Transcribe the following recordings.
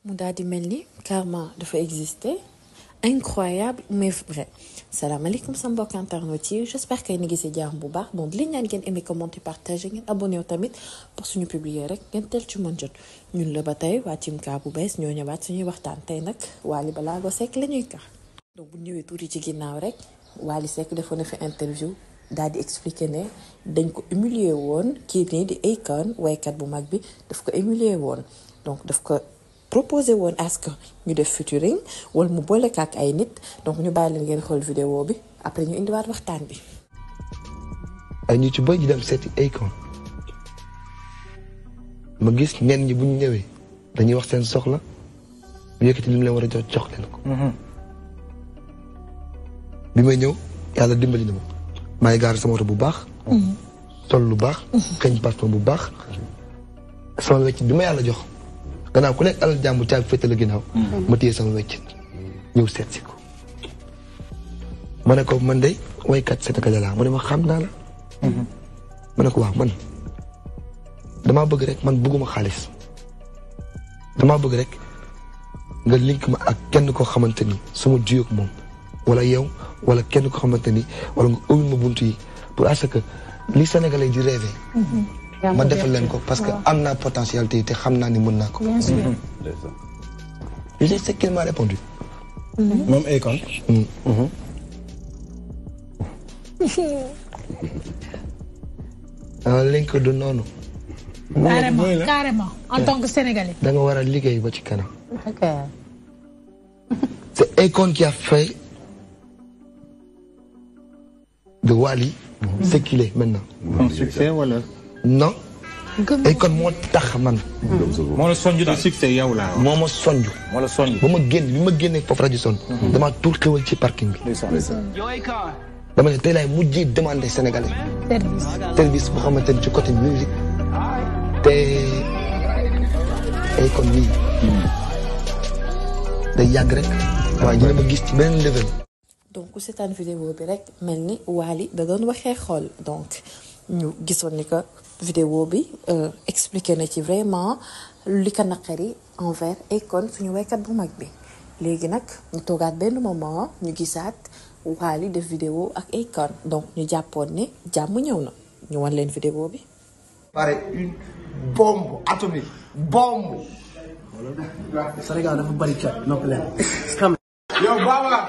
mu daal di mel ni carment dafa exister incroyable mais vrai salaamaaleykum sa mbokk internautes yi j'espère que ni ngi si jàmm bu baax bon li leen ñaan ngeen aimé commenté partagé ngeen abonné wu tamit pour suñu publier rek ngeen teel ci mën jot ñun la ba tey waa Cimka bu bees ñoo ñëwaat suñuy waxtaan tey nag waa Wally Ballago Seck la ñuy kar donc bu ñëwee tuuti ci ginnaaw rek waa Wally Seck defoon na fi interview daal di expliqué ne dañ ko humilier woon kii nii di Akon waykat bu mag bi daf ko humilier woon donc daf ko proposé woon askan ñu def featuring wala mu boole ak ay nit donc ñu bàyyi leen ngeen xool vidéo bi après ñu indiwaat waxtaan bi. ay ñu ci bëri di dem seeti Akon ma gis ñenn ñi bu ñu ñëwee dañuy wax seen soxla mu yëkkati li leen war a jox jox leen mm-hmm. bi may ñëw yàlla dimbali na ma maa ngi gaar sama oto bu baax. Mm-hmm. sol lu baax. Mm-hmm. kañ parfum bu baax. sama wecc bi ma yàlla jox. gannaaw ku nekk alal jàmbu caag féetale ginnaaw. Hmm. ma téye sama wéccin ñëw seet si ko. ma ne ko man de waykat Sénégal laa mu ne ma xam naa la. Hmm. ma ne ko waaw man damaa bëgg rek man bëgguma xaalis damaa bëgg rek nga link ma ak kenn koo xamante ni suma juyoo ak moom wala yow wala kenn koo xamante ni wala nga ubbil ma bunt yi pour à que li Sénégalais di rêvé. Hmm. ma defal leen ko parce que am naa potentialité te xam naa ni mën naa ko. bien sûr. Mhm. m'a répondu. Mhm. moom Akon. ah link war a liggéey ba ci kanam. ok. c'est qui a fait de Wally ce qu'il est non. ay kon moo tax man. moo la sonj daal succès yow laa moo ma sonj. ba ma génn bi ma génnee foofu rajo son. Mhm. damaa tuur ci parking bi. dama ne tey laay mujjee demandé sénégalais. service service boo xamante ni ci côté musique te ay kon mhm. day yàgg rek. waaye dina ma gis ci benn level. donc waxee xool donc. ñu gisoon ni que vidéo bi euh, expliqué na ci vraiment li ko naqari envers Akon suñu waykat bu mag bi léegi nag ñu toogaat benn moment ñu gisaat Wally def vidéo ak Akon donc ñu jàppoon ni jàmm ñëw na ñu wan leen vidéo bi pare une bombe atomique bombe Sénégal dafa bari cat noppi leen Yo, Baba.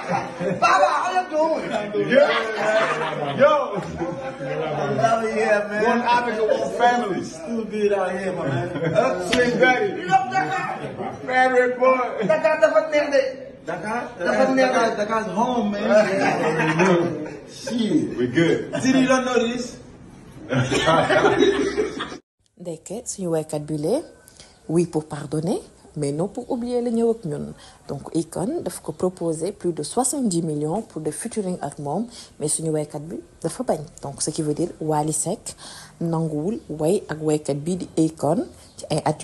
Baba, how you doing? Yeah. Yo. Hell yeah, man. One Africa, one family. Still good out here, my man. Upswing daddy. You love Dakar? Favorite boy. Dakar, dapat neex de. Dakar? Dakar, Dakar, Dakar's home, man. Yeah. Shit. We're good. Did you not know this? Ndeke, suñu waykat bi lee, oui pour pardonner. mais non pour oublier la ñëw ak ñun donc Akon daf ko proposer plus de 70 millions pour de featuring ak moom mais suñu waykat bi dafa bañ donc ce qui veut dire Wally Seck nanguwul way ak waykat bii di Akon ci ay at